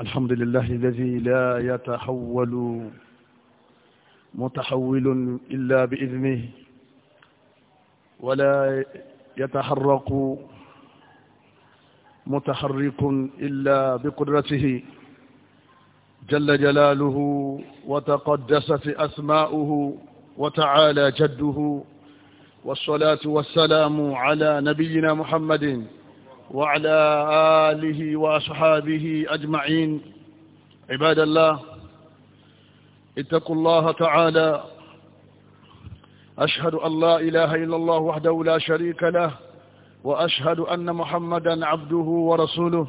الحمد لله الذي لا يتحول متحول إلا بإذنه ولا يتحرك متحرك إلا بقدرته جل جلاله وتقدست أسماؤه وتعالى جده والصلاة والسلام على نبينا محمد وعلى آله وأصحابه أجمعين عباد الله اتقوا الله تعالى أشهد أن لا إله إلا الله وحده لا شريك له وأشهد أن محمدا عبده ورسوله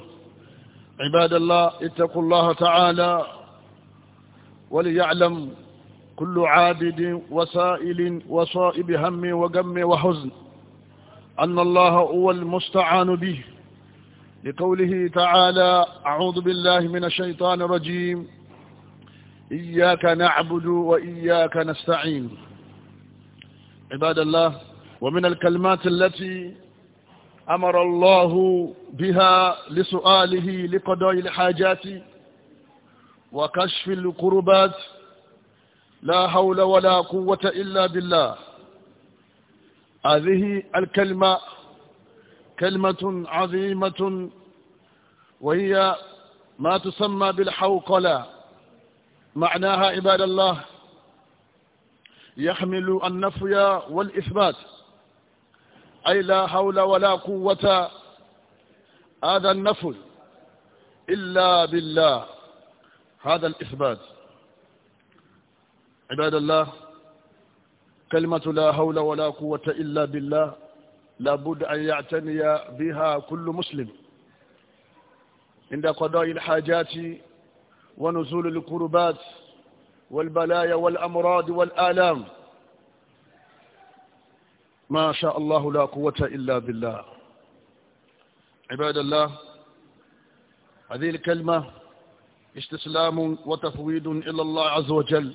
عباد الله اتقوا الله تعالى وليعلم كل عابد وسائل وصائب هم وغم وحزن أن الله هو المستعان به لقوله تعالى أعوذ بالله من الشيطان الرجيم إياك نعبد وإياك نستعين عباد الله ومن الكلمات التي أمر الله بها لسؤاله لقضاء الحاجات وكشف الكربات لا حول ولا قوة إلا بالله هذه الكلمة كلمة عظيمة وهي ما تسمى بالحوقلة معناها عباد الله يحمل النفي والإثبات أي لا حول ولا قوة هذا النفي إلا بالله هذا الإثبات عباد الله كلمة لا حول ولا قوة إلا بالله لابد أن يعتني بها كل مسلم عند قضاء الحاجات ونزول الكربات والبلايا والأمراض والآلام ما شاء الله لا قوة إلا بالله عباد الله هذه الكلمة استسلام وتفويض إلى الله عز وجل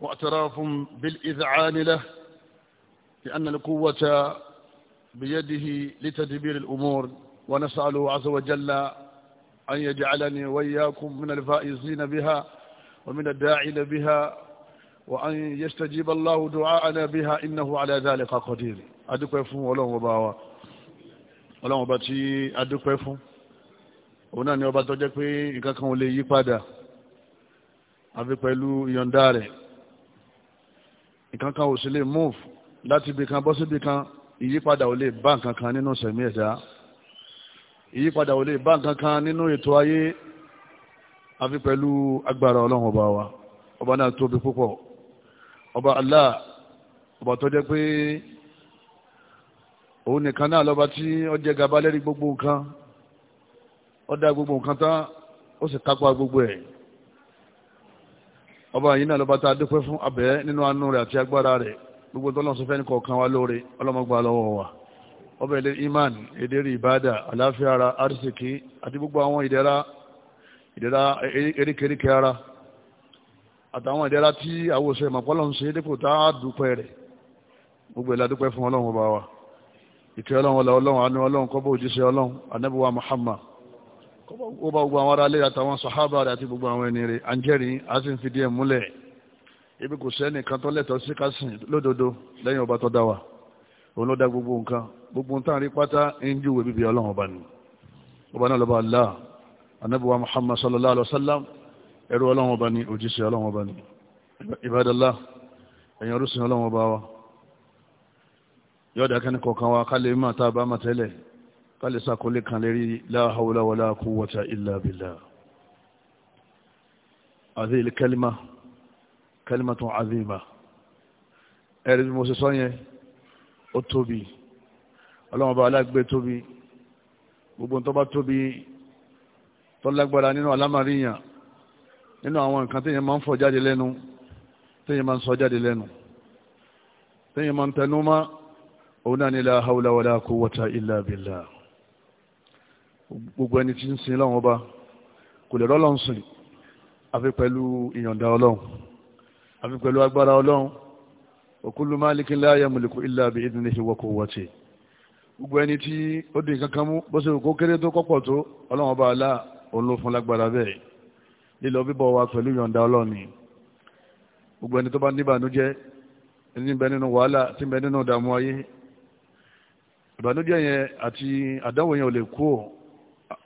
واعتراف بالإذعان له لأن القوة بيده لتدبير الأمور ونسأله عز وجل أن يجعلني وإياكم من الفائزين بها ومن الداعين بها وأن يستجيب الله دعاءنا بها إنه على ذلك قدير أدوك يفهم ولو مباوا ولو مباتي أدوك يفهم ونان يوباتو جاكوي إنكاكم ليي قادة أبي قيلو ينداري ìkankan ò sí lè move láti ibì kan bọ́ síbì kan ìyípadà ò lè bá nǹkan kan nínú sẹ̀mí ẹ̀dá ìyípadà ò lè bá nǹkan kan nínú ètò ayé àfi pẹ̀lú agbára ọlọ́run ọba wa ọba náà tóbi púpọ̀ ọba Allah ọba tó jẹ́ pé òun nìkan náà lọ́ba tí ó jẹ́ gaba lẹ́rí gbogbo nǹkan ó dá gbogbo nǹkan tán ó sì kápá gbogbo ẹ̀ ọba yìí náà lọ́ba tá a dúpẹ́ fún abẹ́ nínú àánú rẹ̀ àti agbára rẹ̀ gbogbo tọ́lọ́n sọ fẹ́ni kọ̀ọ̀kan wa lóore ọlọ́mọgbà lọ́wọ́ wa ọba ilé iman ìdérí ìbádà àláfíà ara arísìkí àti gbogbo àwọn ìdẹ̀ra ìdẹ̀ra eríkèríkè ara àtàwọn ìdẹ̀ra tí àwòsàn ìmọ̀pọ́lọ́ ń ṣe dípò tá a dúpẹ́ rẹ̀ gbogbo ìlà dúpẹ́ fún ọlọ́run ọba wa ìkẹ́ ọlọ́run ọlọ́run àánú ọlọ́run kọ́bọ̀ òjíṣẹ́ ọlọ́run anábíwá Muhammad ó bá gbogbo àwọn ará lè àtàwọn sàhábà rẹ̀ àti gbogbo àwọn ẹni rẹ̀ àǹjẹ́rìí a sì ń fi díẹ̀ múlẹ̀ ibi kò sẹ́ni kan tó lẹ́tọ̀ọ́ sí kásìn lódodo lẹ́yìn ọba tó dá wa òun ló dá gbogbo nǹkan gbogbo nǹkan rí pátá ń júwe bíbi ọlọ́run ọba ni ọba náà lọ́ba Allah anábíwá Muhammad sallallahu alaihi wa sallam ẹrú ọlọ́run ọba ni òjíṣẹ́ ọlọ́run ọba ni ibadallah ẹ̀yìn ọdún sin ọlọ́run ọba wa yọ̀ọ́dà kẹ́ni kọ̀ọ̀kan wa kálẹ̀ kálẹ̀ sàkólé kan lérí la hawla wala quwwata illa billah àti ilé kẹlímà kẹlímà tó azima ẹ̀rí bí mo ṣe sọ yẹn ó tóbi ọlọ́mọba alágbé tóbi gbogbo tó bá tóbi tó lágbára nínú alámàríyàn nínú àwọn nǹkan téèyàn máa ń fọ̀ jáde lẹ́nu téèyàn máa ń sọ jáde lẹ́nu téèyàn máa ń tẹnu mọ́ òun náà ni la hawla wala quwwata gbogbo ẹni tí ń sin lọ́wọ́n ọba kò lè rọ́lọ́n sìn àfi pẹ̀lú ìyọ̀ǹda ọlọ́run àfi pẹ̀lú agbára ọlọ́run òkúlù máàlìkì láàyè mùlùkù ilà bí ìdílé ṣe wọ́kọ̀ wọ́tì gbogbo ẹni tí ó di nǹkan kan mú bó ṣe kó kéré tó kọ́pọ̀ tó ọlọ́run ọba alá òun ló fún lágbára bẹ́ẹ̀ lílọ bíbọ̀ wa pẹ̀lú ìyọ̀ǹda ọlọ́run ni gbogbo ẹni tó bá níbànújẹ́ ẹni bẹ nínú wàhálà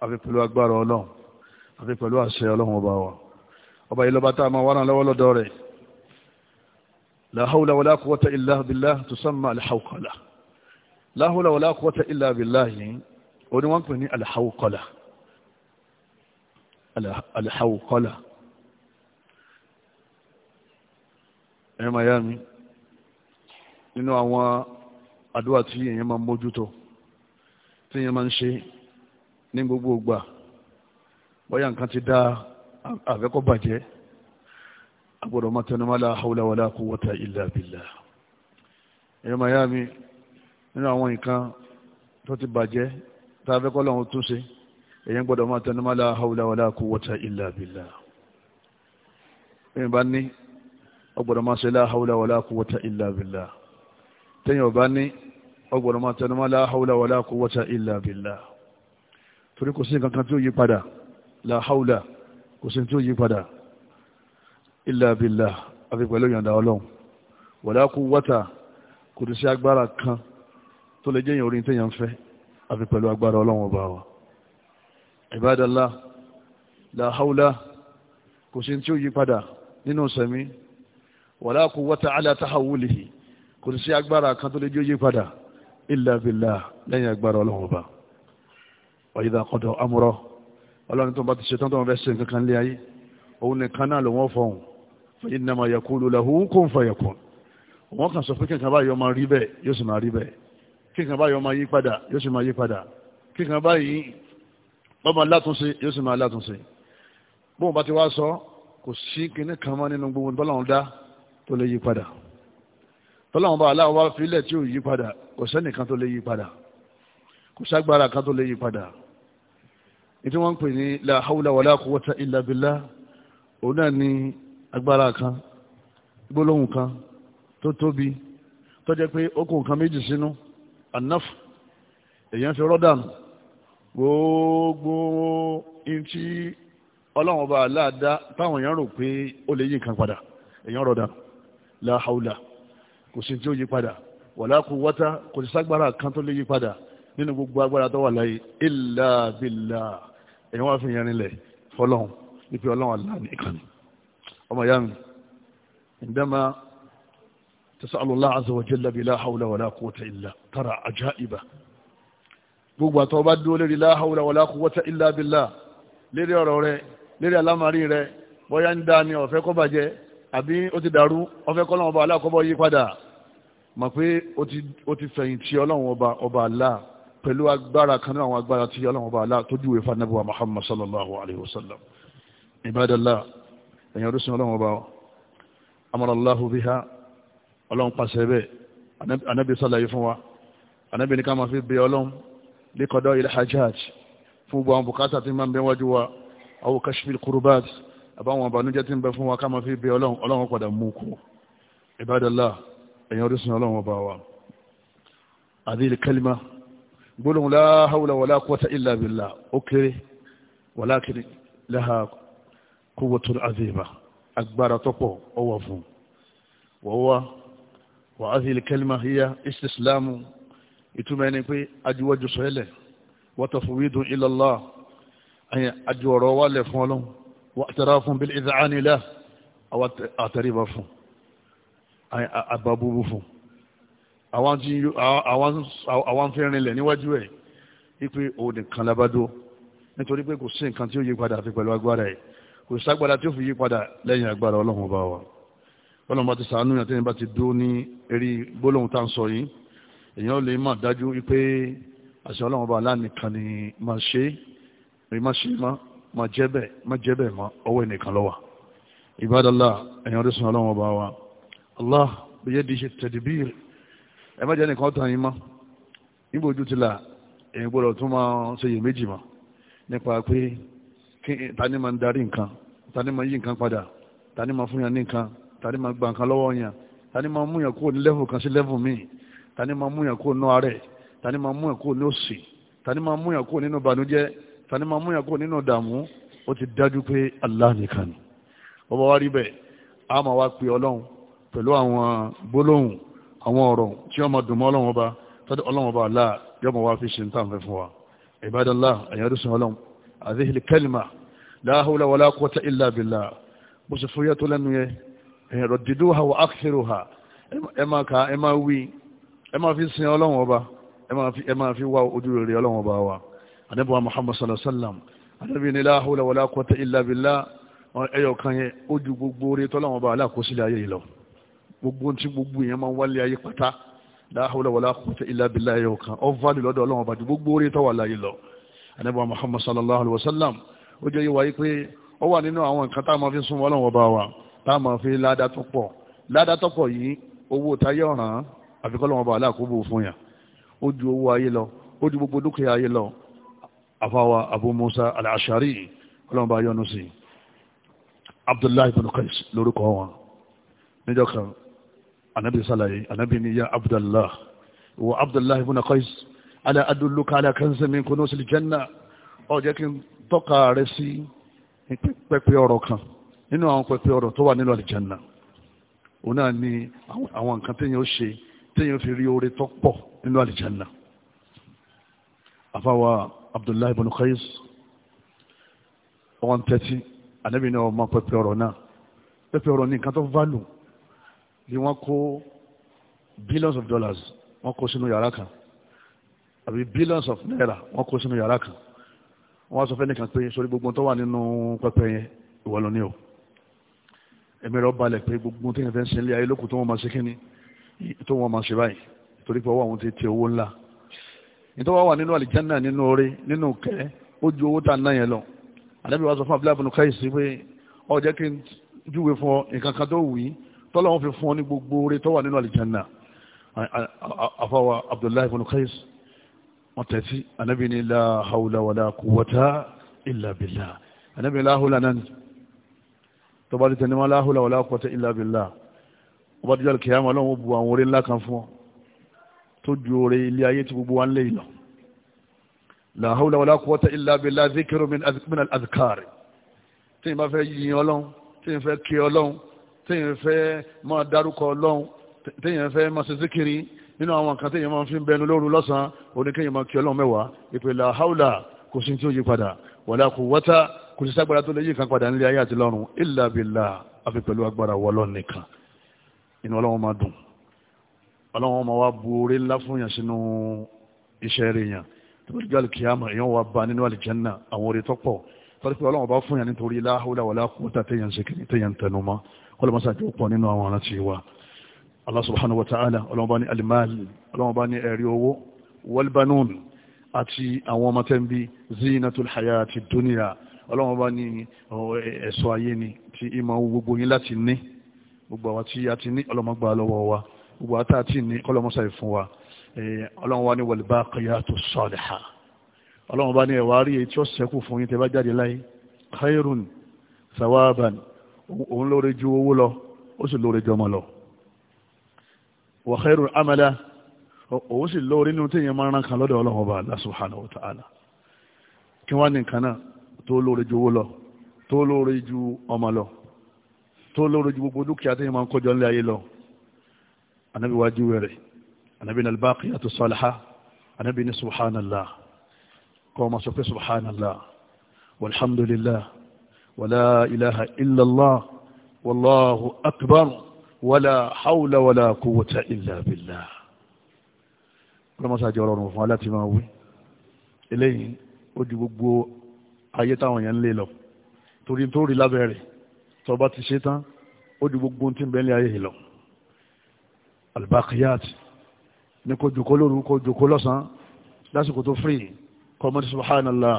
àfi pẹ̀lú agbára ọlọ́run àfi pẹ̀lú àṣẹ ọlọ́run ọba wa ọba yìí lọ́ba tá a máa wá náà lọ́wọ́ lọ́dọ̀ rẹ̀ la hawla wala quwwata illa billah tusamma al-hawqala la hawla wala quwwata yìí ó ní wọ́n pè ní al-hawqala al-hawqala ẹ̀ miami nínú àwọn àdúrà tí èèyàn máa mójútó tí èèyàn máa ń ṣe ní gbogbo ìgbà bóyá nǹkan ti dá àfẹ́kọ́ bàjẹ́ agbọ́dọ̀ máa tẹnu máa la hawla wala quwwata illa billah ẹ̀rọ miami nínú àwọn nǹkan tó ti bàjẹ́ tá a fẹ́kọ́ lọ́wọ́ tún ṣe èyàn gbọ́dọ̀ máa tẹnu máa la hawla wala quwwata illa billah ẹ̀yìn bá ní ọgbọ́dọ̀ máa ṣe la hawla wala quwwata illa billah tẹ́yìn ọba ní ọgbọ́dọ̀ máa tẹnu máa la hawla wala quwwata illa billah torí kò sí nǹkan kan tí ó yí padà la haula kò sí tí ó yí padà illa billah àfi pẹ̀lú ìyànda ọlọ́run wala quwwata kò sí agbára kan tó lè jẹ́yìn orin téèyàn fẹ́ àfi pẹ̀lú agbára ọlọ́run ọba wa ibadallah la kò sí tí ó yí padà nínú sẹ̀mí wala quwwata ala tahawulihi ọ̀yẹ́dà kọ́tọ̀ amúrọ̀ ọlọ́run tó bá ti ṣetán tó wọn fẹ́ ṣe nǹkan kan lé ayé òun nìkan náà ló wọ́n fọ̀hún innama yakulu lahu kun fayakun wọ́n kàn sọ pé kíkan báyìí ọmọ rí bẹ́ẹ̀ yóò sì máa rí bẹ́ẹ̀ kíkan báyìí ọmọ yí padà yóò sì máa yí padà kíkan báyìí ọmọ látúnṣe yóò sì máa látúnṣe bóun bá ti wá sọ kò sí kinní kan mọ́ nínú gbogbo tọ́lọ́run kò sẹ́nìkan tó lè yí padà kò ságbára kan tó lè yí padà ìtí wọ́n ń pè ní la hawla wala quwwata illa billah òun náà ní agbára kan gbólóhùn kan tó tóbi tó jẹ́ pé ó kó nǹkan méjì sínú anaf èèyàn fi rọ́dànù gbogbo ntí ọlọ́run ọba aláàdá táwọn èèyàn rò pé ó lè yí nǹkan padà èèyàn rọ́dànù la kò sí tí ó yí padà wala quwwata kò sí ságbára kan tó lè yí padà nínú gbogbo agbára tó wà láyé illa billah èyí wọ́n fi yẹn nílẹ̀ fọlọ́hún ipe ọlọ́run àlá nìkan ọmọ ìyá mi indama tasalu Allah azza wa jalla bi la hawla wa la quwwata illa tara ajaiba gbogbo àtọ́ bá dúró lérí la hawla wa la quwwata illa billah lérí ọ̀rọ̀ rẹ lérí alámarí rẹ bóyá ń dá ni ọ̀fẹ́ kọ́ bàjẹ́ àbí ó ti dàrú ọ̀fẹ́ kọ́ lọ́wọ́ ọba aláàkọ́bọ̀ yí padà mọ̀ pé ó ti fẹ̀yìntì ọlọ́run ọba ọba aláà pẹ̀lú agbára kan ní àwọn agbára tí ọlọ́run bá aláà tó júwe fanabuwa muhammad sallallahu alaihi wasallam ibadallah ẹ̀yàn orísun ọlọ́run bá amaraláhu bí ha ọlọ́run pàṣẹ bẹ́ẹ̀ anábì sálàyé fún wa anábì ní ká máa fi bẹ ọlọ́run líkọ̀dọ̀ ilẹ̀ hajjaj fún gbogbo àwọn bukata tí máa ń bẹ wájú wa àwọn kashmir kurubat àbáwọn àbànújẹ́ tí ń bẹ adil kalima gbólóhùn la hawla wala quwwata illa billah ó kéré walakin laha quwwatun azima agbára tọ́pọ̀ ọwọ́ fún wọ́wọ́ wa azil kalima hiya istislamu ìtumọ̀ ẹni pé ajuwájú sọ́ẹ́lẹ̀ wa tafwidun ila Allah àyàn ajú ọ̀rọ̀ wà lẹ̀ fún ọlọ́run wa i'tirafun bil iz'ani lahu àwọn àtàríbà fún àyàn àbábúrú fún àwọn fi rinlẹ̀ níwájú ẹ̀ wípé òun nìkan labádó nítorí pé kò sí nǹkan tí ó yí padà àfi pẹ̀lú agbára ẹ̀ kò ságbára tí ó fi yí padà lẹ́yìn agbára ọlọ́run ọba wa ọlọ́run bá ti sàánú yàn tẹ́yìn bá ti dúró ní eré gbólóhùn tá à ń sọ yìí èèyàn lè má dájú wípé àṣẹ ọlọ́run ọba alánìkan ni máa ṣe rí má ṣe má má jẹ́ bẹ́ẹ̀ má jẹ́ bẹ́ẹ̀ má ọwọ́ ẹnìkan ló wà ìbádọ́lá èèyàn rí sùn ọlọ́run ọba wa Allah biyadihi tadbir ẹ má jẹ́ nìkan tán yín mọ́ níbo ojú ti là èyí gbọ́dọ̀ tún máa ṣe yè méjì mọ́ nípa pé tani máa ń darí nǹkan tani máa ń yí nǹkan padà tani máa fún yàn ní nǹkan tani máa gba nǹkan lọ́wọ́ yàn tani máa mú yàn kúrò ní lẹ́fù kan sí lẹ́fù míì tani máa mú yàn kúrò nínú àárẹ̀ tani máa mú yàn kúrò ní òṣì tani máa mú yàn kúrò nínú ìbànújẹ́ tani máa mú yàn kúrò nínú ìdààmú ó ti dájú pé Allah nìkan ni ọba wa rí bẹ́ẹ̀ a máa wá pe ọlọ́run pẹ̀lú àwọn gbólóhùn àwọn ọ̀rọ̀ tí wọ́n máa dùn mọ́ ọlọ́wọ́n ọba tọ́jú ọlọ́wọ́n ọba aláà yóò máa wá fi ṣe ń tàn fẹ́ fún wa ìbádọ́lá àyẹ̀rúsùn ọlọ́run àdéhìlì kẹ́lìmà láhùlà wàlá kọ́tà ìlà bìlà bó ṣe fúyẹ́ tó lẹ́nu yẹ ẹ̀rọ dídú ha wà ákìrò ha ẹ máa ka ẹ máa wí ẹ máa fi sin ọlọ́run ọba ẹ máa fi wá ojú rere ọlọ́run ọba wa anábíwá muhammad sallallahu alayhi wa sallam anábí ni láhùlà wàlá kọ́tà kan yẹ ojú gbogbo orí tọ́lọ́run ọba aláàkóṣílẹ̀ ayé yìí lọ gbogbo tí gbogbo èèyàn máa ń wálé ayé pátá láhùlẹ̀ wàlá kùtẹ̀ ìlàbílà ẹ̀yọ̀ kan ọ fàdí lọ́dọ̀ ọlọ́run ọba ju gbogbo orí tọ́wà láyé lọ anábà muhammad sallallahu alaihi wasallam ó jẹ́ yíwa yí pé ó wà nínú àwọn nǹkan tá a máa fi súnmọ́ ọlọ́run ọba wa tá a máa fi ládàtọ́pọ̀ ládàtọ́pọ̀ yìí owó tayé ọ̀ràn àfikọ́ ọlọ́run ọba aláàkóbò fún yà ó ju owó ayé lọ ó ju gbogbo dúkìá ayé lọ àfàwà abu musa al-ashari ọlọ́run ọba yọ́nú sí abdullahi bin qais lórúkọ wọn níjọ́ kan anabi sàlàyé anabi ni ya abdullah wa abdullah ibn qais ala adulluka ala kanzin min kunuzil janna ó jẹ́ kí n tọ́ka rẹ sí pẹpẹ ọ̀rọ̀ kan nínú àwọn pẹpẹ ọ̀rọ̀ tó wà nínú àlìjánná òun náà ni àwọn nǹkan téèyàn ó ṣe téèyàn fi rí oore tó pọ̀ nínú àlìjánná àfàwà abdullahi ibn qais wọn tẹ́tí ànábì ọmọ pẹpẹ ọ̀rọ̀ náà pẹpẹ ọ̀rọ̀ ní nǹkan tó válù ni wọ́n kó billions of dollars wọ́n kó sínú yàrá kan àbí billions of naira wọ́n kó sínú yàrá kan wọ́n sọ fẹ́nìkan pé sórí gbogbo tó wà nínú pẹpẹ yẹn ìwọ lọ ní o ẹ̀mí rẹ̀ balẹ̀ pé gbogbo tó yẹn fẹ́ ń ṣe ilé ayé lókùn tó wọ́n máa ṣe kíni tó wọ́n máa ṣe báyìí torí pé ọwọ́ àwọn ti ti owó ńlá nítorí wọ́n wà nínú àlìjánà nínú orí nínú kẹ́ ó ju owó tá a ná yẹn lọ àdàbí wàá sọ fún abúlé abúlé káyìsí pé ó jẹ́ kí n júwe fún ọ nǹkan kan tó wù í tọ́lọ́wọ́n fi fún ọ ní gbogbo oore tó wà nínú àlìjánná afọwọ́ abdullahi ibn qais wọ́n tẹ̀sí anabi ní la hawla wala quwwata illa billah anabi la hawla náà tó bá dìtẹ̀ ní wọn la hawla wala quwwata illa billah ọlọ́run bu àwọn oore ńlá téèyàn fẹ́ máa darúkọ ọlọ́run téèyàn fẹ́ máa ṣe síkiri nínú àwọn nǹkan téèyàn máa fi ń bẹnu lóru lọ́sàn-án oníkéèyàn máa kí ọlọ́run mẹ́wàá ìpìlẹ̀ haúlà kò sí tí ó yí padà wàlá quwwata kò sí ságbára tó lè yí kan padà nílé ayé àti lọ́run illa billah àfi pẹ̀lú agbára wọlọ́run nìkan inú ọlọ́run máa dùn ọlọ́run máa wá bu orí ńlá fún yàn sínú iṣẹ́ rẹ̀ yàn tóbi jọ alìkìyàmà èèyàn wà bá nínú àlìjẹ́nà la haula wàlá quwwata téèyàn ṣe kọlọmọsá jẹ́ pọ̀ nínú àwọn ọ̀rán ti wa Allah subhanahu wa ta'ala ọlọ́mọba ní alimali ọlọ́mọba ní ẹ̀rí owó walbanun àti àwọn ọmọ tẹ́m̀bí zinatul hayati dunya ọlọ́mọba ní ẹ̀ṣọ́ ayé ni ti ìmọ̀ gbogbo yín láti ní gbogbo àwọn tí a ti ní ọlọ́mọgbà lọ́wọ́ wa gbogbo àtà àti ní kọlọmọsá ìfún wa ọlọ́mọba ní walbaqiyatus salihah ọlọ́mọba ní ẹ̀wà èyí tí ó sẹ́kù fún yín tẹ́ bá jáde láyé khairun sawaban òun lóore ju owó lọ ó sì lóore ju ọmọ lọ wa khairul amala òun sì lóore nínú tí èèyàn máa rán kan lọ́dọ̀ ọlọ́run ọba Allah subhanahu wa ta'ala kí wọ́n ní nǹkan náà tó lóore ju owó lọ tó lóore ju ọmọ lọ tó lóore ju gbogbo dúkìá tí èèyàn máa ń kọjọ nílé ayé lọ anabi wájú rẹ̀ anabi ní albaqiyatu salihah anabi ní subhanallah kọ́ ọ ma sọ pé subhanallah walhamdulillah. ولا إله إلا الله والله أكبر ولا حول ولا قوة إلا بالله ọlọ́mọ sáájú ọlọ́run fún aláti máa wí eléyìí ó di gbogbo ayé táwọn èèyàn ń lé lọ torí tó rí lábẹ́rẹ̀ tó bá ti ṣe tán ó di gbogbo tí ń bẹ́lẹ̀ ayé yìí lọ albaqiyat ní kó jòkó lóru kó jòkó lọ́sàn-án lásìkò tó fírí kọ́mọ́tí subhanallah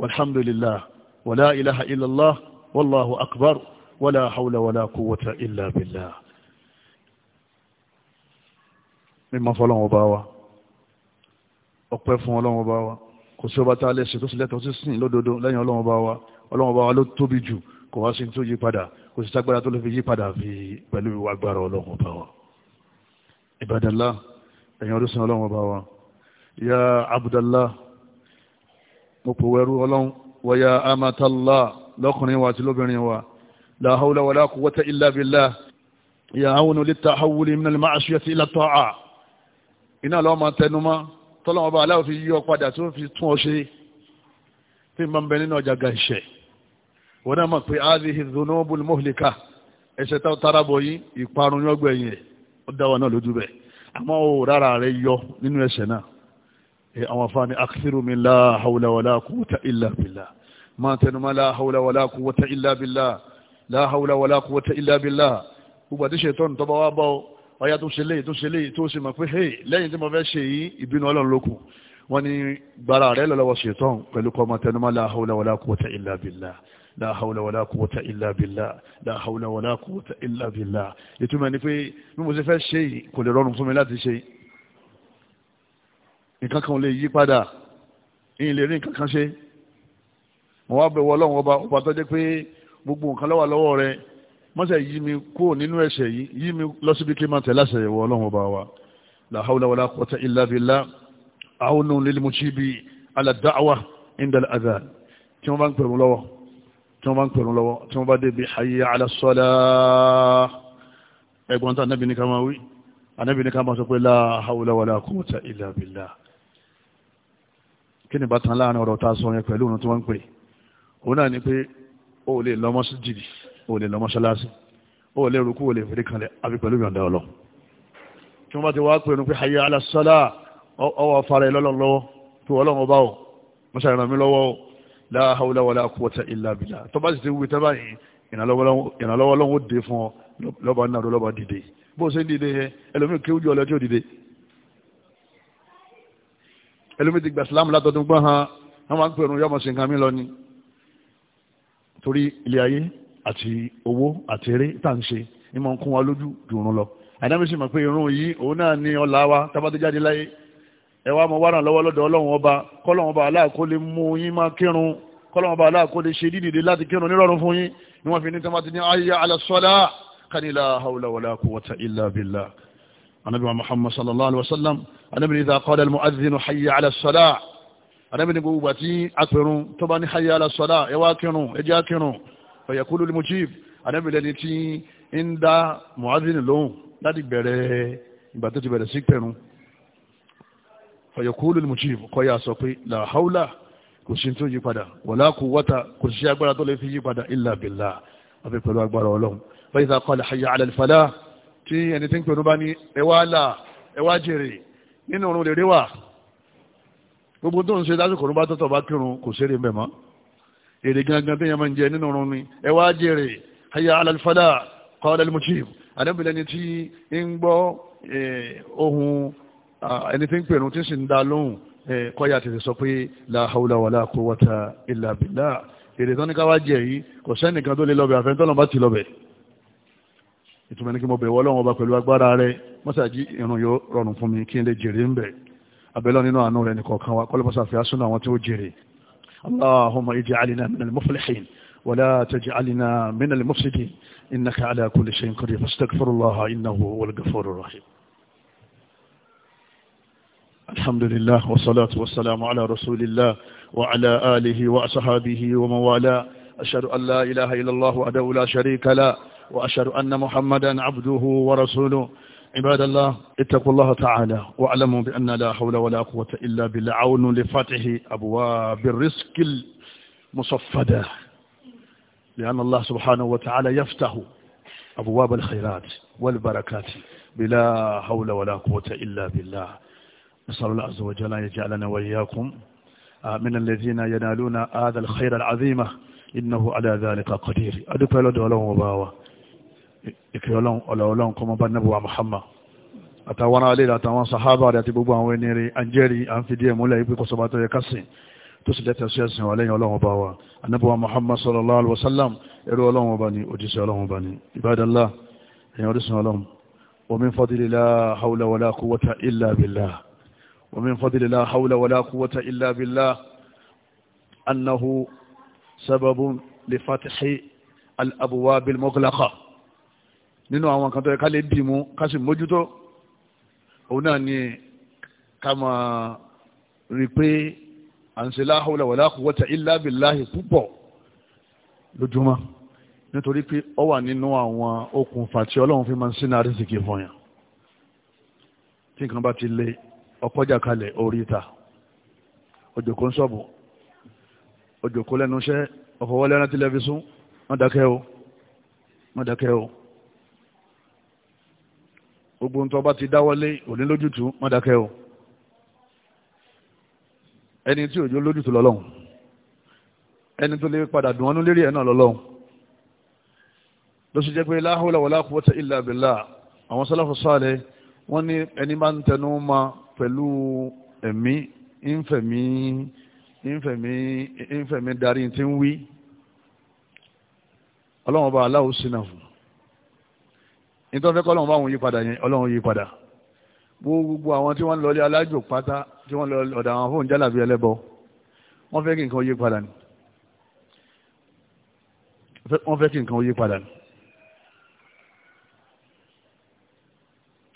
walhamdulillah wala ilaha illallah wallahu akbar wala hawla wala quwwata illa billah mímọ́ fọ́lọ́wọ́ bá wa ọpẹ́ fún ọlọ́wọ́ bá wa kò sí ọba tá a lè ṣe tó sì lẹ́tọ̀ọ́ sí sìn lódodo lẹ́yìn ọlọ́wọ́ bá wa ọlọ́wọ́ bá wa ló tóbi jù kò wá sí tó yí padà kò sí tágbára tó lè fi yí padà fi pẹ̀lú agbára ọlọ́wọ́ bá wa ìbádàlá ẹ̀yìn ọdún sin ọlọ́wọ́ bá wa ya abudallah mo pòwẹ́rú ọlọ́wọ́ wọ̀yà amatallá lọ́kùnrin wa àti lóbìnrin wa la hawla wala quwwata illa billah ìyá àwọn olùta hawuli minal ma'asiyati ila ta'a iná lọ́wọ́ máa tẹnumọ́ tọ́lọ́wọ́ bá aláwọ̀ fi yí ọ padà tí ó fi tún ọ Eh, àwọn afá ni aksiru min la hawla wa la quwwata illa billah máa tẹnumọ́ la hawla wa la quwwata illa billah la hawla wa la quwwata illa billah gbogbo àti ṣètọ́n tó bá wá bá ọ ọyá tó ṣe léyìí tó ṣe léyìí tó ṣe mọ̀ pé hey lẹ́yìn tí mo fẹ́ ṣe yìí ìbínú ọlọ́run ló kù wọ́n ní gbára rẹ̀ lọ́wọ́ ṣètọ́n pẹ̀lú kọmọ tẹnumọ́ la hawla wa la quwwata illa nǹkan kan ò lè yí padà ìyìn lè rí nǹkan kan ṣe mo wá bẹ̀wọ̀ ọlọ́run ọba ọba tó jẹ́ pé gbogbo nǹkan ló wà lọ́wọ́ rẹ mọ́sẹ̀ yí mi kúrò nínú ẹ̀ṣẹ̀ yìí yí mi lọ síbi kí n máa tẹ̀ láṣẹ ìwọ ọlọ́run ọba wa la hawla wala quwwata illa billah a'unu lil mushibi ala tí wọ́n bá ń pẹ̀rù lọ́wọ́ tí wọ́n bá ń pẹ̀rù lọ́wọ́ tí wọ́n bá débi hayya ala salah ẹgbọ́n tá anábìnrin ká máa wí anábìnrin ká máa sọ pé la hawla wala quwwata kí ni bàtàn láàrin ọ̀rọ̀ tá a sọ yẹn pẹ̀lú ohun tí wọ́n ń pè òun náà ni pé o ò lè lọ mọ́síjìdì o ò lè lọ mọ́ṣáláṣí o ò lè rúkú o ò lè fèrè kanlẹ̀ àbí pẹ̀lú ìyọ̀ǹda ọlọ tí wọ́n bá ti wá pè ní pé hayya ala ọwọ́ afárá ìlọ́lọ́n lọ́wọ́ tó ọlọ́run ọba o mọ́ṣá ìran mi lọ́wọ́ o la hawla wala quwwata illa tó bá sì ti wí tábà yìí ìrànlọ́wọ́ ẹlòmí ti gba ìsìlámù látọdún gbọ́n han wọ́n máa ń pèrún yọmọ sí nǹkan mi lọ ni torí ilé ayé àti owó àti eré tá à ń ṣe ni mo ń kún wa lójú dùnrún lọ àdámi sì mọ̀ pé irun yìí òun náà ni ọ̀la wa tábàtí jáde láyé ẹ wá mọ wárán lọ́wọ́ lọ́dọ̀ ọlọ́run ọba kọ́lọ́run ọba aláàkó lè mú yín máa kírun kọ́lọ́run ọba aláàkó lè ṣe dídìde láti kírun nírọ̀rùn fún yín ni wọ́n fi ní tẹ́mátì ní ayé alásọ́lá kanílá haúlá wàlá quwwata illa billah anábì muhammad sallallahu alaihi wasallam anábì idha qala al-mu'adhdhin hayya ala as-salah anábì ní gbogbo àti apẹ̀rún tó bá ní hayya ala as-salah ẹwà kírun ẹjẹ́ kírun fa yaqulu al-mujib anábì lẹni tí ń dá mu'adhdhin lóhùn láti bẹ̀rẹ̀ ìgbà tó ti bẹ̀rẹ̀ sí pẹ̀rún fa yaqulu al-mujib kọ́yà sọ pé la hawla kò sí tó yí padà wàlá kò wọ́ta kò sí agbára tó lè fi yí padà illa billah àfi pẹ̀lú agbára ọlọ́run fa idha qala hayya ala al-falah tí ẹni tí ń pẹ̀lú bá ní ẹwà là ẹwà jèrè nínú òrùn lèrè wà gbogbo tó ń ṣe lásìkò òrùn bá tọ́tọ̀ bá kírun kò ṣeré mbẹ̀ mọ́ èrè gangan tó yẹ máa ń jẹ nínú òrùn ni ẹwà jèrè hayya ala al-falah àdébìlẹ̀ ni tí ń gbọ́ ohun ẹni tí ń pẹ̀lú tí sì ń da lóhùn kọ́yà tètè sọ pé la hawla wala quwwata illa billah èrè tó ní ká wá jẹ yìí kò sẹ́nìkan tó lè lọ́bẹ̀ àfẹ́ntọ́lọ́ bá ìtumọ̀ ní kí mo bẹ̀wọ́ ọlọ́run ọba pẹ̀lú agbára rẹ mọ́sàájì irun yóò rọrùn fún mi kí n lè jèrè ń bẹ̀ abẹ́lọ́ nínú àánú rẹ nìkọ̀ọ̀kan wa kọ́lọ́ mọ́sàáfẹ́ asúnà àwọn tí ó jèrè allahumma ij'alna minal muflihin ولا تجعلنا من المفسدين إنك على كل شيء قدير فاستغفر الله إنه هو الغفور الرحيم الحمد لله والصلاة والسلام على رسول الله وعلى آله وأصحابه ومن والاه أشهد إله إلا الله وحده لا شريك له وأشهد أن محمدا عبده ورسوله عباد الله اتقوا الله تعالى واعلموا بأن لا حول ولا قوة إلا بالعون لفتح أبواب الرزق المصفدة لأن الله سبحانه وتعالى يفتح أبواب الخيرات والبركات بلا حول ولا قوة إلا بالله نسأل الله عز وجل أن يجعلنا وإياكم آه، من الذين ينالون هذا الخير العظيمة إنه على ذلك قدير أدوك لدعوه وباوة ìkẹ́ ọlọ́run ọ̀là ọlọ́run kọ́mọ bá nàbùwà Muhammad àtàwọn alẹ́ àtàwọn sahaba rẹ̀ àti gbogbo àwọn ẹni rẹ̀ àjẹ́rì à ń fi díẹ̀ múlẹ̀ ìpín kọsọ̀bá tó yẹ kásìn tó sì lẹ́tẹ̀ sí ẹ̀sìn wà lẹ́yìn ọlọ́run ọba wa anábọ̀wà Muhammad sallallahu alaihi wasallam ẹ̀rọ ọlọ́run ọba ni òjíṣẹ́ ọlọ́run ọba ni ibadallah ẹ̀yìn orísun ọlọ́run wa min nínú àwọn kan tó yẹ ká lè dì mú ká sì mójútó òun náà ni ká máa rí pé à ń ṣe la hawla wala quwwata illa billahi púpọ̀ lójúmọ́ nítorí pé ó wà nínú àwọn okùnfà tí ọlọ́run fi máa ń sínú àrísìkì fún yàn tí nǹkan bá ti lé ọkọjà kalẹ̀ orí ìta òjòkó ń sọ̀bù òjòkó lẹ́nu iṣẹ́ ọ̀fọ̀wọ́lẹ́rán tẹlifíṣọ̀n má dákẹ́ o má dákẹ́ o gbogbo ń tọ́ bá ti dáwọ́lé òní lójútùú má dákẹ́ o ẹni tí òjò lójútùú lọ́lọ́hùn ẹni tó lè padà dùn ọ́nú lérí ẹ̀ náà lọ́lọ́hùn ló pé la hawla wala quwwata illa billah àwọn sálàfù sálẹ̀ wọ́n ní ẹni máa ń tẹnu ma pẹ̀lú ẹ̀mí ìfẹ̀mí ìfẹ̀mí ìfẹ̀mí darí tí ń wí ọlọ́wọ́n bá aláwo sínà nítorí fẹ́ kọ́ ọlọ́run báwọn yí padà yẹn ọlọ́run yí padà gbogbo àwọn tí wọ́n lọlé alájò pátá tí wọ́n lọ ọ̀dà àwọn fóun jálàbí ẹlẹ́bọ wọ́n fẹ́ kí nǹkan yí padà ni wọ́n fẹ́ kí nǹkan yí padà ni.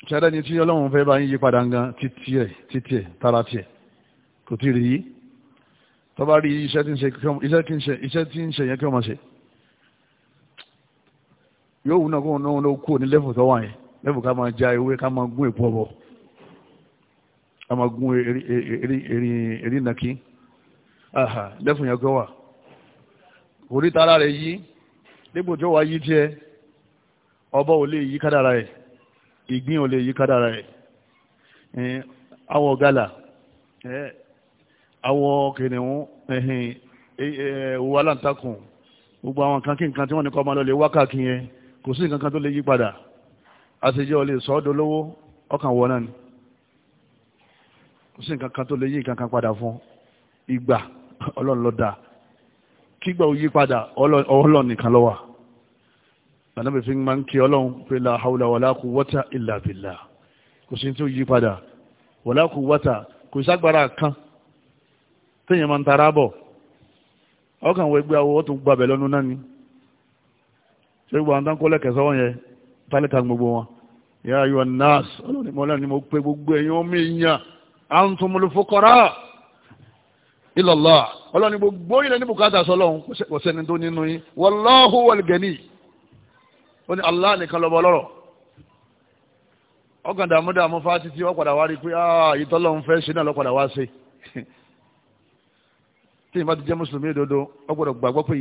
ṣẹ́dá ni tí ọlọ́run fẹ́ bá ń yí padà gan títí ẹ̀ títí ẹ̀ tara tiẹ̀ kò tí ì rí yí tọ́ba rí iṣẹ́ tí ń ṣe yẹn kí wọ́n máa ṣe yóò wù náà kó náà ló kú ní lẹ́fù tó wà yẹn lẹ́fù ká máa já ewé ká máa gún èpo ọ̀bọ ká máa gún erí nàkí lẹ́fù yẹn gbọ́ wà kò rí tara rẹ̀ yí dípò tó wà yí tiẹ̀ ọ̀bọ ò lè yí kádàrà rẹ̀ ìgbín ò lè yí kádàrà rẹ̀ awọ gala awọ kìnìún ẹ̀hìn wàhálà ń takùn gbogbo àwọn kan kí nǹkan tí wọ́n ní kọ́ máa lọ lè wákàtí yẹn kò sí nǹkan kan tó lè yí padà àṣejẹ́ ọ lè sọ ọ́ dolówó ọkàn wọ náà ni kò sí nǹkan kan tó lè yí nǹkan kan padà fún ìgbà ọlọ́run ló dáa kígbà ó yí padà ọlọ́run nìkan ló wà fi máa ń kí ọlọ́run pé la haula wala quwwata illa billah kò sí tó yí padà wala quwwata kò ságbára kan téèyàn máa ń tara bọ̀ ọkàn wọ ẹgbẹ́ awọ́ tó gbàbẹ̀ lọ́nu náà ni. ṣe gbogbo àwọn tán kó lẹ́kẹ̀ẹ́ sọ́wọ́ yẹn tálíkà gbogbo wọn ya ayuwa nas ọlọ́ni mọ́lá ni mo pé gbogbo ẹ̀yin omi ìyàn antumul fuqara ila Allah ọlọ́ni gbogbo ilẹ̀ ní bùkátà sọlọ́run kò sẹ́ni tó nínú yín wallahu wal gani ó ní Allah nìkan lọ́bọ̀ lọ́rọ̀ ọkàn dàmúdàmú fásitì wọ́n padà wá rí pé ìtọ́lọ́run ah, fẹ́ ṣe náà lọ́ padà wá ṣe tí ìbá ti jẹ́ mùsùlùmí gbàgbọ́ pé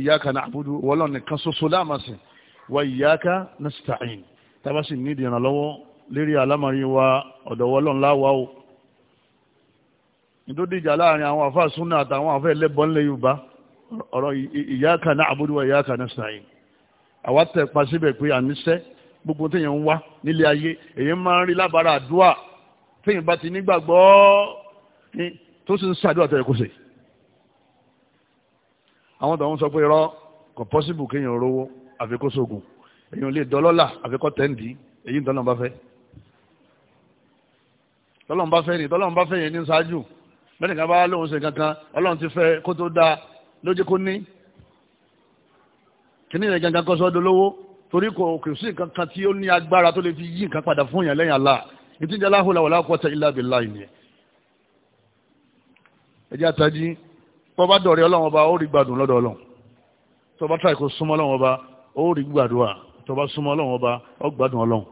wọ́lọ́ nìkan wa iyyaka nasta'in tábà sì ní ìdìyàn lọ́wọ́ lérí alámọ̀rí wa ọ̀dọ̀ Ọlọ́run la wà o nítorí ìjà láàrin àwọn àfáà súnà àtàwọn àfáà ẹlẹ́bọ ńlẹ̀ Yorùbá ọ̀rọ̀ iyyaka na'budu wa iyyaka nasta'in àwa tẹ̀ pa síbẹ̀ pé àníṣẹ́ gbogbo téèyàn ń wá nílé ayé èyàn máa ń rí lábára àdúrà téèyàn bá ti nígbàgbọ́ tó sì ń ṣàdúrà tẹ̀lé kó sè àwọn tó ń sọ pé irọ́ kò pọ́sibù kéèyàn rówó àfikún sógun èyàn lè dọlọ́là àfikún tẹ́ǹdì èyí tọ́lọ́n bá fẹ́ tọ́lọ́n bá fẹ́ ni tọ́lọ́n bá fẹ́ yẹn ní ṣáájú bẹ́ẹ̀ nìkan bá lóun ṣe kankan ọlọ́run ti fẹ́ kó tó dáa lójú kó ní kíní yẹn gangan kọ́ sọ́dọ̀ lówó torí kò kò sí nǹkan kan tí ó ní agbára tó lè fi yí nǹkan padà fún yàn lẹ́yìn Allah ìtìjà la hawla wala quwwata illa billah ìnìyẹn ẹjẹ́ àtàjí bọ́ bá dọ̀rẹ́ ọlọ́run ọba ó rí gbádùn ó rí gbàdúrà tó bá súnmọ́ ọlọ́run ọba ó gbádùn ọlọ́run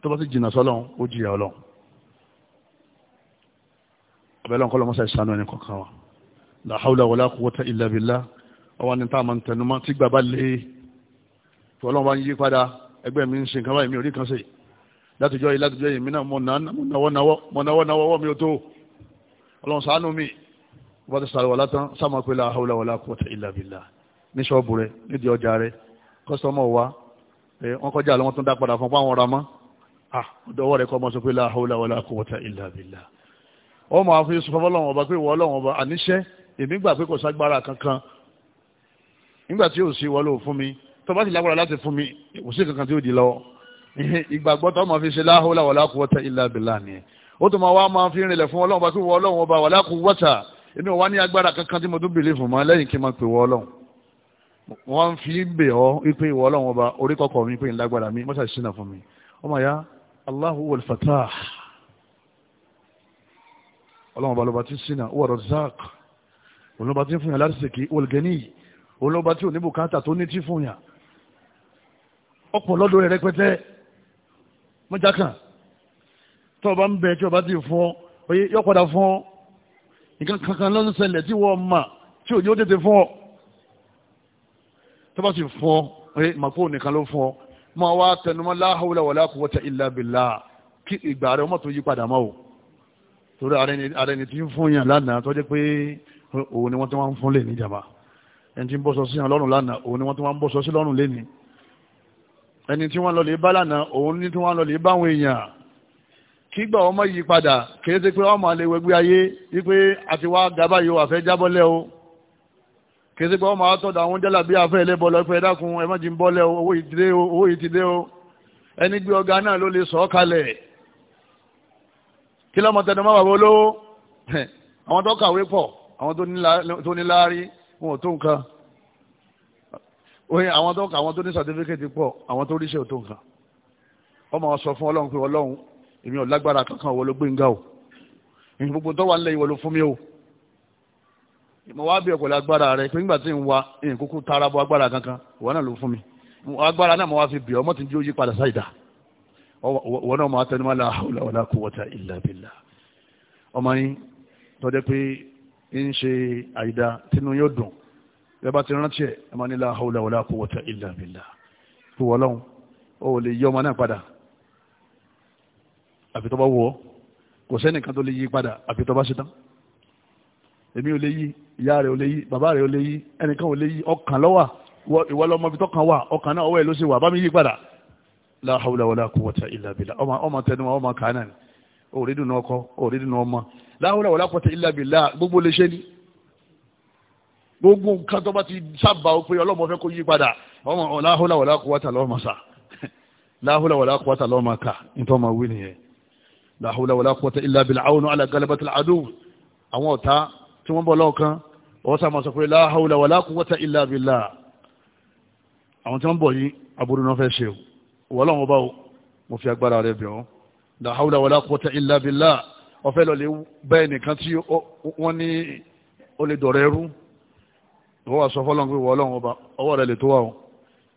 tó bá sì jìnnà sọ́lọ́run ó jìyà ọlọ́run abẹ́lẹ́ ọ̀kọ́ lọ́mọ́sá ìsànú ẹni kọ̀ọ̀kan wa la hawla wala quwwata illa billah ọwọ́ ni táàmà ń tẹnumọ́ tí gbà bá lé tí ọlọ́run bá ń yí padà ẹgbẹ́ mi ń ṣe nǹkan báyìí mi ò rí kan sí látijọ́ yìí látijọ́ yìí mi náà mọ̀ náwọ́ náwọ́ ọwọ́ mi ò tó ọlọ́run ṣàánú mi wọ́n ti sàrẹ̀wọ̀ látán sáàmà pé la hawla wala illa billah ní ṣọ́ọ̀bù rẹ̀ nídìí ọjà rẹ̀ kọ́sọ́mọ̀ wa wọ́n kọjá lọ́wọ́ tó ń dá padà fún fáwọn ọ̀rọ̀ ah ọ̀dọ́wọ́ rẹ̀ kọ́ mọ́ sọ pé la hawla wala quwwata illa billah wọ́n máa fi sọ fọ́lọ́wọ́n ọba pé wọ́n ọlọ́wọ́n ọba àníṣẹ́ èmi gbà pé kò ságbára kankan nígbà tí yóò sí wọ́n lò fún mi tó bá sì lágbára láti fún mi kò sí kankan tí yóò di lọ́wọ́ ìgbàgbọ́ tó máa fi ṣe la hawla wala quwwata illa billah ni ó tó máa wá máa fi rìnlẹ̀ fún ọlọ́wọ́n ọba pé wọ́n ọlọ́wọ́n ọba wala quwwata èmi ò wá ní agbára kankan tí mo tún bèlè fún mọ́ lẹ́yìn kí n máa wọ́n ń fi bẹ̀ ọ́ wípé ìwọ ọlọ́run ọba orí kọ́kọ́ mi pé ń lágbára mi mọ́ṣá ṣínà fún mi ọmọ ya Allahu wal fatah ọlọ́run ọba lọba tí ṣínà wọ́n rọ̀ zak olóba tí ń fún yàn láti ṣèkì wal gani olóba tí ò ní bùkátà tó ní tí fún yàn ọ̀pọ̀ lọ́dọ̀ rẹ̀ rẹpẹtẹ mọ́jà kan tó ń bẹ tí o ti fún ọ yọ padà fún ọ nǹkan kankan ló ń tí wọ́n mà tí òjò tètè fún ọ tó bá sì fọ́ ẹ màkó nìkan ló fọ́ mọ́ wá tẹnumọ́ la hawla wala quwwata illa billah kí ìgbà rẹ̀ ọmọ tó yí padà mọ́ o torí ààrẹ ni ti ń fún yàn lánàá tó jẹ́ pé òun ni wọ́n ti wọ́n ń fún lè níjàmbá ẹni tí ń bọ́sọ sí yàn lọ́rùn lánàá òun ni wọ́n ti wọ́n ń bọ́sọ sí lọ́rùn lẹ́ni ẹni tí wọ́n lọ lè bá lánàá òun ni tí wọ́n lọ lè bá àwọn èèyàn kígbà ọmọ yí padà kéré pé ọmọ àlewẹgbé kèsì pé ọmọ àtọ́dọ̀ àwọn jẹ́là bí afẹ́ ilé bọ́ọ̀lù ẹ̀fẹ́ dákun ẹ̀ má jí ń bọ́lẹ̀ owó ìdílé owó ìdílé o ẹni gbé ọ̀gá náà ló lè sọ ọ́ kalẹ̀ kí lọ́mọ tẹnu má bàbá olówó àwọn tó kàwé pọ̀ àwọn tó ní láárí wọn ò tó nǹkan oyin àwọn tó àwọn tó ní sàtífíkẹ́tì pọ̀ àwọn tó ríṣẹ́ ò tó nǹkan ọmọ sọ fún ọlọ́run pé ọlọ́run èmi ò lágbára kankan wọ mo wá bí ọ̀pọ̀lọpọ̀ agbára rẹ pé nígbà tí ń wa nkúkú tara bọ agbára kankan ìwọ náà ló fún mi agbára náà mo wá fi bì ọ mọ́tì ń jó yí padà sáìdà ìwọ náà máa tẹnu máa la hawla wala quwwata illa billah ọmọ yín tọ́jẹ́ pé ń ṣe àìdá tínú yóò dùn bẹ́ẹ̀ bá ti rántí ẹ̀ ẹ máa ní la hawla wala quwwata illa billah tó wọ́ lọ́hùn ó lè yí ọmọ náà padà àfi tó bá wọ̀ kò sẹ́nìkan tó lè yí padà àfi bá ṣetán èmi ò lè yí ìyá rẹ̀ ò lè yí bàbá rẹ̀ ò lè yí ẹnìkan ò lè yí ọkàn lọ́wà ìwọ lọ́mọ ibi tọ́kàn wà ọkàn náà ọwọ́ ẹ̀ ló ṣe wà bá mi yí padà la hawla wala quwwata illa billah ọmọ ọmọ tẹnu ọmọ kàn náà ni òòrí dùnú ọkọ òòrí dùnú ọmọ la hawla wala quwwata illa billah gbogbo lè ṣe ni gbogbo nǹkan tó bá ti sábà ó pé ọlọ́mọ fẹ́ kó yí padà ọmọ la hawla wala quwwata lọ́mọ sà àwọn ọ̀tá tí wọ́n bọ̀ lọ́ọ̀kan ọwọ́ sáà máa sọ pé la hawla wala quwwata illa billah àwọn tí wọ́n bọ̀ yìí aburú náà fẹ́ ṣe o wọ́n lọ́wọ́ bá o mo fi agbára rẹ̀ bẹ̀ wọ́n la hawla wala quwwata ọfẹ́ lọ lè bẹ́ẹ̀ nìkan tí wọ́n ní ó lè dọ̀rọ̀ ẹrú wọ́n wá sọ fọ́lọ́n pé wọ́n lọ́wọ́ bá ọwọ́ rẹ̀ lè tó wà o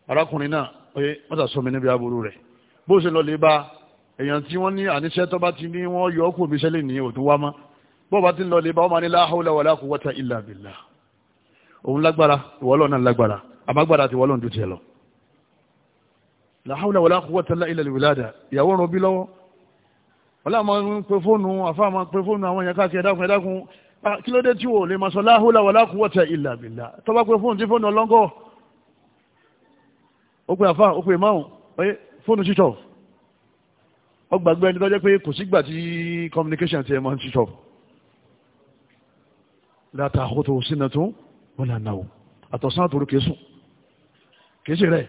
arákùnrin náà bọ́ọ̀bá ti ń lọ lè bá ọmọ ní la hawla wala quwwata illa billah òun lágbára ìwọ́lọ́ náà lágbára àmágbára ti wọ́lọ́ ń dútì ẹ̀ lọ la hawla wala quwwata illa ìyàwó ràn bí lọ́wọ́ wọ́lá máa ń pe fóònù àfáà máa ń pe fóònù àwọn èèyàn káàkiri ẹ̀dákun ẹ̀dákun kí ló dé tí wò lè máa sọ la hawla wala quwwata illa billah láta àkótó sínú tó wọn là náà àtọ̀sán àtòrò kìí sùn kìí sì rẹ̀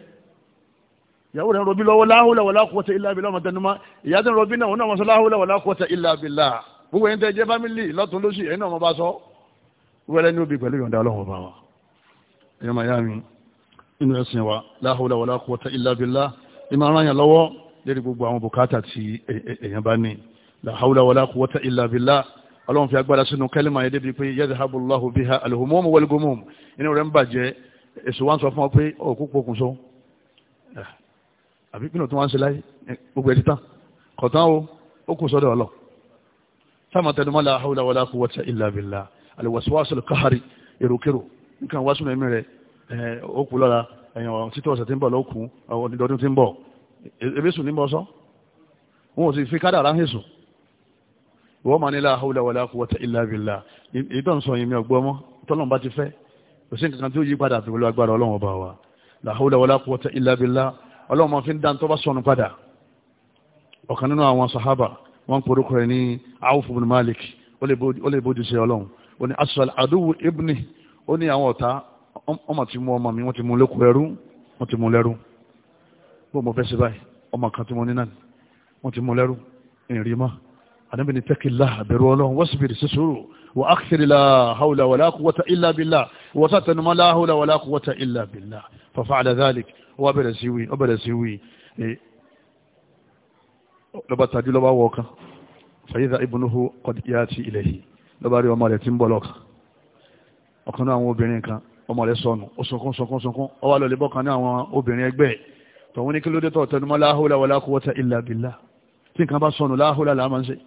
ìyàwó rẹ̀ ń robí lọ́wọ́ láhùlà wà lákòótẹ́ ilá abilá ọmọ tẹnumá ìyá tẹ̀ ń robí náà wọn náà wọn sọ láhùlà wà lákòótẹ́ ilá abilá gbogbo ẹ̀yin tẹ́ jẹ́ fámìlì lọ́tún lóṣù ẹ̀yin náà wọn bá sọ wẹ́rẹ́ ní obì pẹ̀lú ìyọ̀ǹda ọlọ́run ọba wa ẹ̀yin máa ọlọ́run fi agbára sínú kẹ́lẹ́mà yẹn débi pé yadhabu Allahu biha al-humum wal-gumum inú rẹ̀ ń bàjẹ́ èso wa ń sọ fún ọ pé òkú pokùn so ah. àbí pínlẹ̀ tó wá ń ṣe láyé gbogbo ẹ̀ títàn kọ̀tán o ó kù sọ́dọ̀ ọlọ́ sáàmà tẹnumọ́ la hawla wala quwwata illa billah al-waswasul qahari èròkérò nǹkan wá súnmọ́ ẹ̀mí rẹ̀ ó kù lọ́la ẹ̀yàn wọ́n máa ní la hawla wala quwwata illa billah èyí tó ń sọ yìí mi ọgbọ́n mọ́ tọ́lọ́n bá ti fẹ́ kò sí nǹkan tí ó yí padà àti pẹ̀lú agbára ọlọ́run ọba wa la hawla wala quwwata illa billah ọlọ́run máa fi ń dáńtọ́ bá sọnù padà ọ̀kan nínú àwọn sahaba wọ́n korúkọ ẹ̀ ní Awf ibn Malik ó lè bójú sí ọlọ́run ó ní asal aduwu ibni ó ní àwọn ọ̀tá ọmọ ti mú ọmọ mi wọ́n ti mú lóko ẹrú wọ́n ti mú lẹ́rú bó mo fẹ́ sí báyìí ọmọ kan ti mú ní náà wọ́n ti mú lẹ́rú ìrìn mọ́ anábì ní tẹ́kìlá bẹ̀rù ọlọ́run wasbir sí sùúrù wa akthir la hawla wala quwwata illa billah wa satanuma la hawla wala quwwata illa billah fa fa'ala dhalik wa bẹ̀rẹ̀ sí wí ọ bẹ̀rẹ̀ sí wí lọ́ba tàbí lọ́ba wọ̀ọ̀kan fayidha ibnuhu qad yati ilayhi lọ́ba rí ọmọ rẹ̀ tí ń bọ̀ lọ́kàn ọ̀kan náà kan ọmọ rẹ̀ sọnù ó sunkún sunkún sunkún ó wá lọ́lẹ́bọ̀ kan ní àwọn obìnrin ẹgbẹ́ tọ̀hún ní kí ló dé tọ̀ tẹnumọ́ la hawla wala quwwata illa billah tí nǹkan bá sọnù la hawla làá máa ń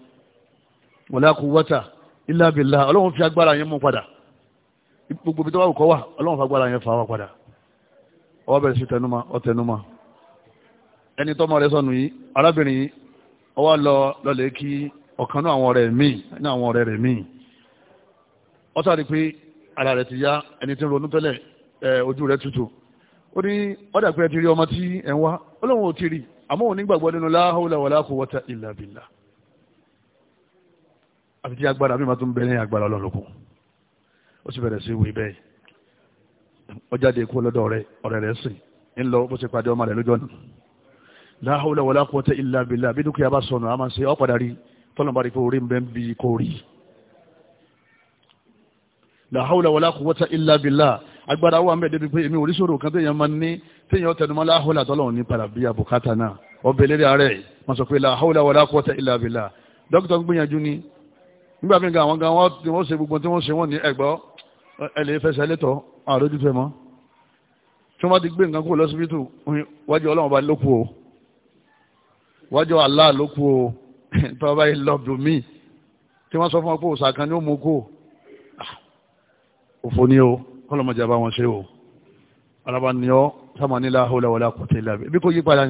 wala quwwata illa billah ọlọ́run fi agbára yẹn mú padà gbogbo ibi tó wà kọ́ wà ọlọ́run fi agbára yẹn fà wá padà ọwọ́ bẹ̀rẹ̀ sí tẹnuma ọtẹnuma ẹni tọ́mọ rẹ sọnù yìí arábìnrin yìí ọwọ́ lọ lọlẹ̀ kí ọ̀kan náà àwọn ọ̀rẹ́ míì náà àwọn ọ̀rẹ́ rẹ̀ míì ọ sáré pé ara rẹ̀ ti yá ẹni tí ń ronú tẹ́lẹ̀ ojú rẹ̀ tutù ó ní ọ̀dà pé ẹ ti rí ọmọ tí ẹ ń wá ọlọ́run ò ti rí àmọ́ òun nígbàgbọ́ nínú la hawla wala quwwata illa billah àfi tí agbára mi máa tún bẹ ní agbára ọlọ́lọ́kù ó sì bẹ̀rẹ̀ sí ìwé bẹ́ẹ̀ ó jáde ikú ọlọ́dọ̀ rẹ ọ̀rẹ́ rẹ sìn ń lọ bó ṣe pàdé ọmọ rẹ lójú ọ̀nà la hawla wala quwwata illa billah bí dúkìá bá sọnù a máa ṣe ọ̀padà rí tọ́lọ̀ bá rí pé orí ń bẹ́ ń rí la hawla wala quwwata illa billah agbára wà ń bẹ̀ pé èmi oríṣiríṣi kan téèyàn máa ní téèyàn tẹnumọ́ la hawla tọ́lọ̀ ní padà bí abùkátà náà ọbẹ̀ lérí ààrẹ sọ pé la hawla wala quwwata illa billah dókítà gbìyànjú ni nígbà mí ga àwọn gan wọ́n ṣe gbogbo tí wọ́n ṣe wọ́n ní ẹ̀gbọ́ ẹ̀lẹ́ fẹsẹ̀ létọ́ àrójúfẹ́ mọ́ tí wọ́n bá ti gbé nǹkan kúrò lọ́sibítù wájú ọlọ́run bá lókù o wájú Allah lókù o tọ́ bá yìí lọ́bù mí tí wọ́n sọ fún ọ pé òòsà kan ní ó mú kó ah, òfò ní o kọ́lọ́mọjà bá wọn ṣe o alábàáníyọ́ sábà nílá hawla wala quwwata illa billah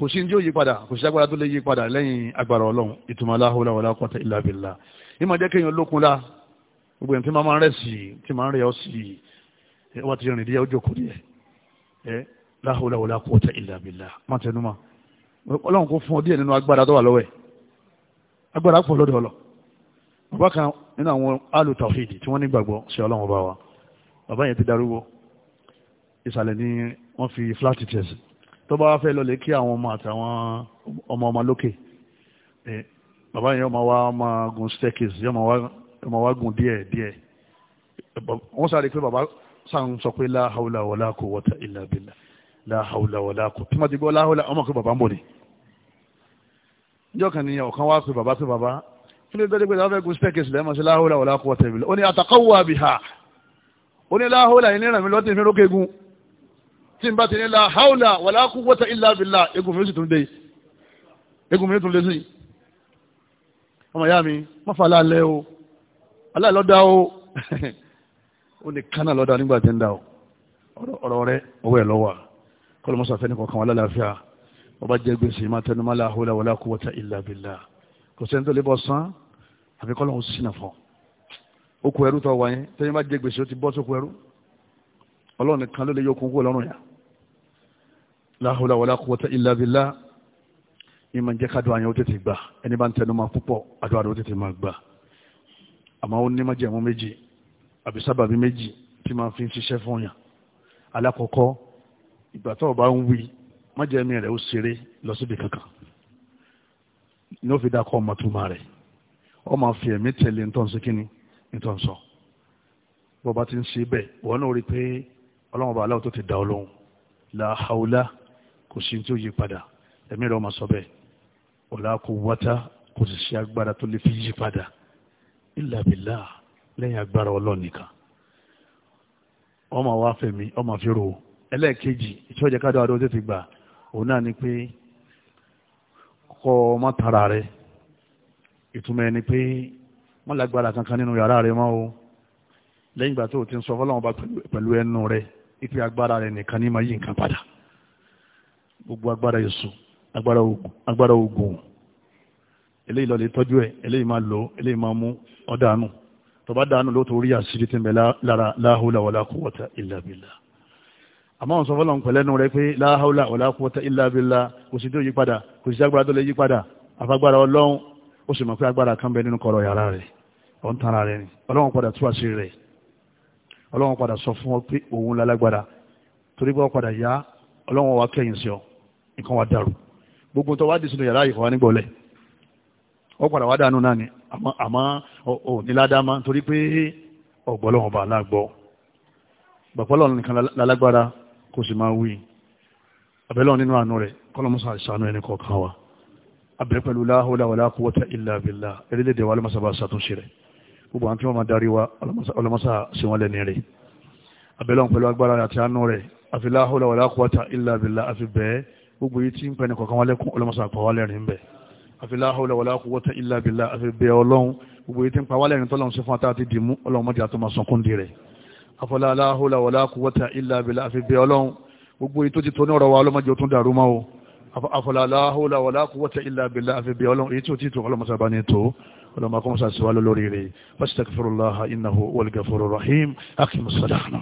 kò sí ní ó yí padà kò sí agbára tó lè yí padà lẹ́yìn agbára ọlọ́run ìtumọ̀ aláhùlá wàlá kọ́tà ìlà bìlà ìmọ̀ jẹ́ kéèyàn lókun la gbogbo ẹ̀ tí máa ń rẹ̀ sí tí máa ń rẹ̀ ọ́ sí wọ́n ti rìn díẹ̀ ó jókòó díẹ̀ ẹ láhùlá wàlá kọ́tà ìlà bìlà má tẹnu ma ọlọ́run kò fún ọ díẹ̀ nínú agbára tó wà lọ́wọ́ agbára pọ̀ lọ́dọ̀ ọlọ ìsàlẹ̀ ni wọ́n fi flat test tó bá fẹ́ lọ lè kí àwọn ọmọ àtàwọn ọmọ ọmọ lókè bàbá yẹn ọmọ wa ọmọ gun staircase yẹn ọmọ wa gun díẹ̀ díẹ̀ wọ́n sáré pé bàbá sàn sọ pé la hawla wala quwwata illa billah la hawla wala quwwata tí wọ́n ti gbọ́ la hawla ọmọ pé bàbá ń bọ̀ ni níjọ́ kan nìyẹn ọ̀kan wá pé bàbá pé bàbá kí ló dé pé bàbá fẹ́ gun staircase lẹ́ẹ̀mọ́ sí la hawla wala quwwata illa ó ní ataqawwa biha ó ní la hawla ní ìrànmí tí n bá ti ní la haula wàlá quwwata illa billah egun mi ó sì tún dé egun mi ó tún lé sí ọmọ ìyá mi má fà láàlẹ́ o aláìlọ́dá o ó ní kánà lọ́dá nígbà tí ń dá o ọ̀rọ̀ rẹ owó ẹ̀ lọ́wọ́ kọ́ ló mọ́ sàfẹ́ nìkan kan wà lálàáfíà ọba jẹ́ gbèsè má tẹnu má la haula wàlá quwwata illa billah kò sẹ́ni tó lè bọ́ sán àfi kọ́ lóun sínà fún okùn ẹrú tó wà yẹn bá jẹ́ gbèsè ó ti bọ́ sókùn ẹrú ọlọ́run nìkan ló lè yọ okùn kúrò lọ́rùn yàrá la hawla wala quwwata illa billah ní ma jẹ́ kádùn àyàn ó tètè gbà ẹni bá ń tẹnu ma púpọ̀ àdúrà ó tètè ma gbà àmọ́ ó ní májẹ̀mú méjì àbí sábàbí méjì tí ma fi ń ṣiṣẹ́ fún yàn alákọ̀ọ́kọ́ ìgbà tó o bá ń wí májẹ̀mí rẹ̀ ó ṣeré lọ síbi kankan ní ó fi dákọ̀ ọmọ túmọ̀ rẹ̀ ó máa fi ẹ̀mí tẹ̀lé nítorí sí kíni kò sí tí ó yí padà ẹ̀mí rẹ̀ ọmọ sọ bẹ́ẹ̀ ọ̀la kò wọ́tá kò sì sí agbára tó lè fi yí padà illa billah lẹ́yìn agbára ọlọ́run nìkan ọmọ wa fẹ̀mí ọmọ fi rò ẹlẹ́ẹ̀kejì tí wọ́n jẹ́ káàdọ̀ àdó tètè gbà òun náà ni pé kọ́ ọmọ tara rẹ ìtumọ̀ ẹni pé wọ́n lágbára kankan nínú yàrá rẹ mọ́ o lẹ́yìn ìgbà tó o ti ń sọ fọlọ́wọ́n bá pẹ̀lú ẹnu rẹ ìpè agbára rẹ nìkan ní máa yí nǹkan padà gbogbo agbára èso agbára ogun agbára ogun eléyìí lọ lè tọ́jú ẹ̀ eléyìí máa lò eléyìí máa mú ọ̀dàánù tó bá dàánù ló torí àṣírí tí ń bẹ lára la hawla wala quwwata illa billah àmọ́ àwọn sọfọ́lọ́ ń pẹ̀lẹ́nu rẹ pé la hawla wala quwwata illa billah kò sí tó yí padà kò sí agbára tó lè yí padà àfagbára ọlọ́run ó sì mọ̀ pé agbára kan bẹ nínú kọ̀rọ̀ yàrá rẹ̀ ọ̀n tara rẹ̀ ni ọlọ́run padà tú àṣírí rẹ̀ ọlọ́run padà sọ fún ọ pé òun lálágbára torí pé ọ padà yá ọlọ́run wa kẹ́yìn sí ọ nǹkan wa dàrú gbogbo tó wá dì sínú yàrá ìkọ̀wá nígbọ̀lẹ̀ ó padà wá dànù náà ni àmọ́ ò ní ládàmá torí pé ọ̀gbọ́lọ́wọ̀n bá lágbọ́ gbàpọ́lọ́run nìkan lálágbára kò sì máa wí àbẹ́lọ́ nínú àánú rẹ̀ kọ́lọ́mọ́sà ìsànú ẹni kọ̀ọ̀kan wa àbẹ́ pẹ̀lú la hawla wala quwwata illa billah erédèdè wa ọlọ́mọ́sà bá ṣàtúnṣe rẹ̀ gbogbo àwọn tí wọ́n máa darí wa ọlọ́mọ́sà sí wọn lẹ́ni rẹ̀ àbẹ́lọ́ pẹ̀lú agbára àti àánú rẹ̀ àfi la hawla wala quwwata illa billah àfi bẹ́ẹ̀ gbogbo yìí tí ń pẹ̀lú kọ̀ọ̀kan wálé kún ọlọ́mọsà àpàwálẹ̀ rìn bẹ̀ àfi la hawla wala quwwata illa billah àfi bẹ̀ ọlọ́run gbogbo yìí tí ń pa wálẹ̀ rìn tọ́lọ́run sí fún ata àti dìmú ọlọ́run mọ́dí àtọ́mọ̀ sọkúndì rẹ̀ àfọlá la hawla wala quwwata tó ti tó ní ọ̀rọ̀ wa ọlọ́mọdé tún dàrú mọ́ o àfọlá la àfi bẹ̀ ọlọ́run èyí tí ó ti tó ní tó